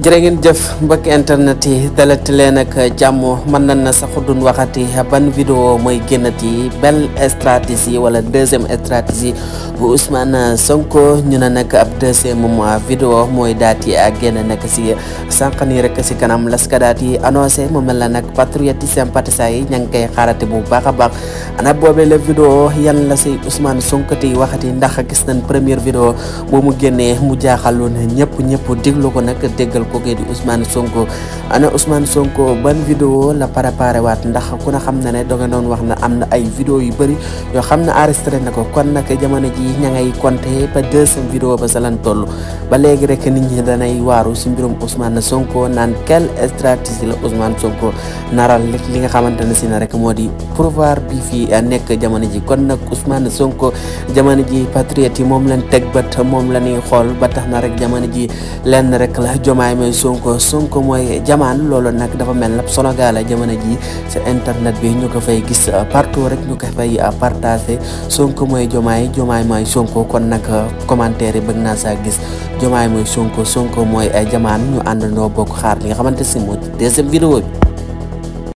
jërë Jeff jëf mbokki internet yi dalat leen ak jàmm man nañ na sax duñ waxati ban vidéo mooy belle stratégie wala deuxième stratégie bu Ousmane Sonko ñu ne nag ab deuxième mois vidéo mooy daat yi ak génn nag si sànq nii rek si kanam la ska daat yi annoncé mu mel na nag patriote sympathisant yi ña ngi koy xaarati bu baax a baax ana boobee la video, yan la si Ousmane Sonko ti waxati ndax gis nañ première vidéo bu mu génnee mu jaaxaloon ñëpp ñëpp déglu ko nag déggal kookee di Ousmane Sonko ana Ousmane Sonko ban vidéo la préparé waat ndax ku na xam na ne danga doon wax na am na ay vidéo yu bëri yoo xam ne enregistré na ko kon nag jamono ji ña ngay compté ba deuxième vidéo ba sa lan ba léegi rek nit ñi danay waaru si mbirum Ousmane Sonko naan quelle stratégie la Ousmane Sonko naral li nga xamante ne si na rek moo di pouvoir bi fii nekk jamono ji kon nag Ousmane Sonko jamono ji patriote yi moom lañ teg bët moom la ñuy xool ba tax na rek jamono ji lenn rek la jomaay Ibrahima Sonko Sonko mooy jamaan loolu nag dafa mel nag Sénégal jamono ji ci internet bi ñu ko fay gis partout rek ñu ko fay partagé Sonko mooy jomaay jomaay mooy Sonko kon nag commentaire yi bëgg naa saa gis jomaay mooy Sonko Sonko mooy ay jamaan ñu àndandoo bokk xaar li nga xamante si moo deuxième vidéo bi